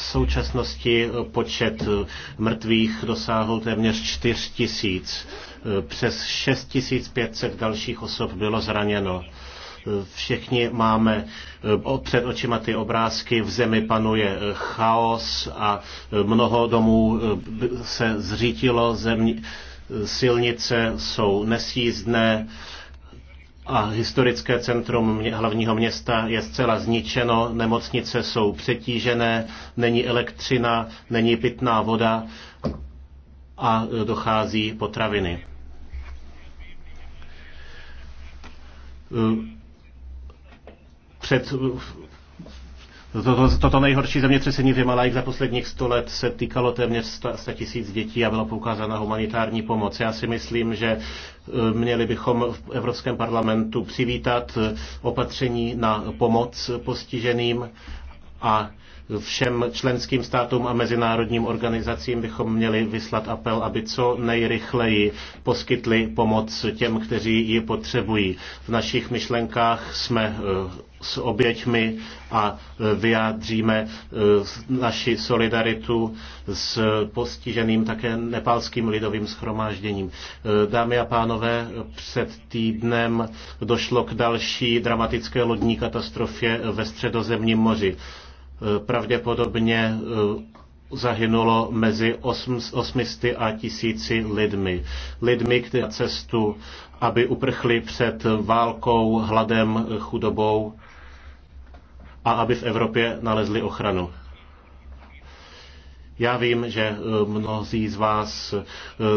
V současnosti počet mrtvých dosáhl téměř 4 tisíc. Přes 6500 dalších osob bylo zraněno všichni máme před očima ty obrázky, v zemi panuje chaos a mnoho domů se zřítilo, země, silnice jsou nesjízdné a historické centrum hlavního města je zcela zničeno, nemocnice jsou přetížené, není elektřina, není pitná voda a dochází potraviny. Před Toto, toto nejhorší zemětřesení v Himalajích za posledních 100 let se týkalo téměř 100 tisíc dětí a byla poukázána humanitární pomoc. Já si myslím, že eh, měli bychom v Evropském parlamentu přivítat eh, opatření na pomoc postiženým a všem členským státům a mezinárodním organizacím bychom měli vyslat apel, aby co nejrychleji poskytli pomoc těm, kteří ji potřebují. V našich myšlenkách jsme eh, s oběťmi a e, vyjádříme e, naši solidaritu s postiženým také nepálským lidovým schromážděním. E, dámy a pánové, před týdnem došlo k další dramatické lodní katastrofě ve středozemním moři. Pravděpodobně zahynulo mezi 800 a tisíci lidmi. Lidmi, kteří cestu, aby uprchli před válkou, hladem, chudobou a aby v Evropě nalezli ochranu. Já vím, že eh, mnozí z vás eh,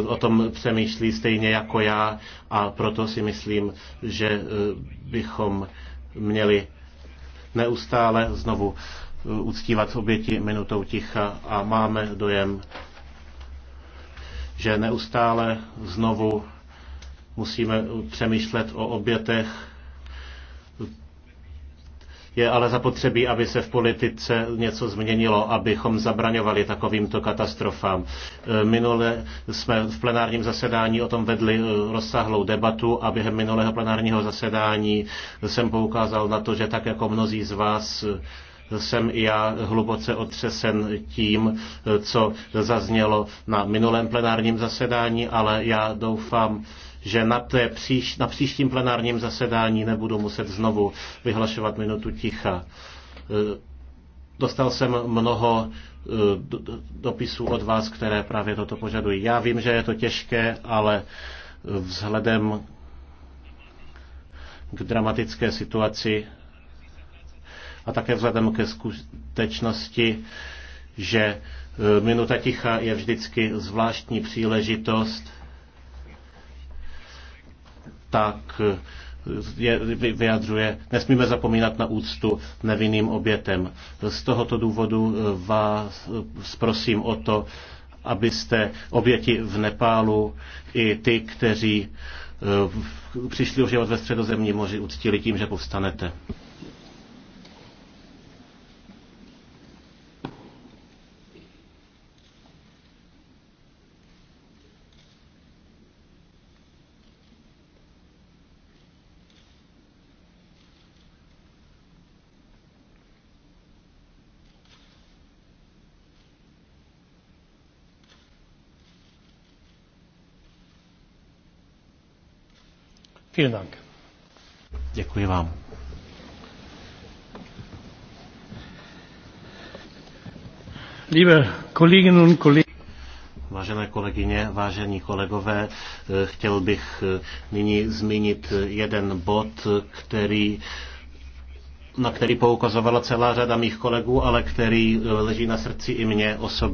o tom přemýšlí stejně jako já a proto si myslím, že eh, bychom měli neustále znovu Eh, uctívat oběti minutou ticha a máme dojem, že neustále znovu musíme přemýšlet o obětech. Je ale zapotřebí, aby se v politice něco změnilo, abychom zabraňovali takovýmto katastrofám. Eh, minule jsme v plenárním zasedání o tom vedli eh, rozsáhlou debatu a během minulého plenárního zasedání jsem poukázal na to, že tak jako mnozí z vás jsem i já hluboce otřesen tím, co zaznělo na minulém plenárním zasedání, ale já doufám, že na, té příš, na příštím plenárním zasedání nebudu muset znovu vyhlašovat minutu ticha. E, dostal jsem mnoho e, dopisů od vás, které právě toto požadují. Já vím, že je to těžké, ale vzhledem k dramatické situaci a také vzhledem ke skutečnosti, že e, minuta ticha je vždycky zvláštní příležitost, tak e, je, vyjadřuje, nesmíme zapomínat na úctu nevinným obětem. Z tohoto důvodu e, vás prosím o to, abyste oběti v Nepálu i ty, kteří přišli o život ve středozemní moři, uctili tím, že povstanete. Vielen Dank. Děkuji vám. Liebe Kolleginnen und Kollegen, Vážené kolegyně, vážení kolegové, eh, chtěl bych eh, nyní zmínit eh, jeden bod, který na který poukazovala celá řada mých kolegů, ale který leží na srdci i mně osobně.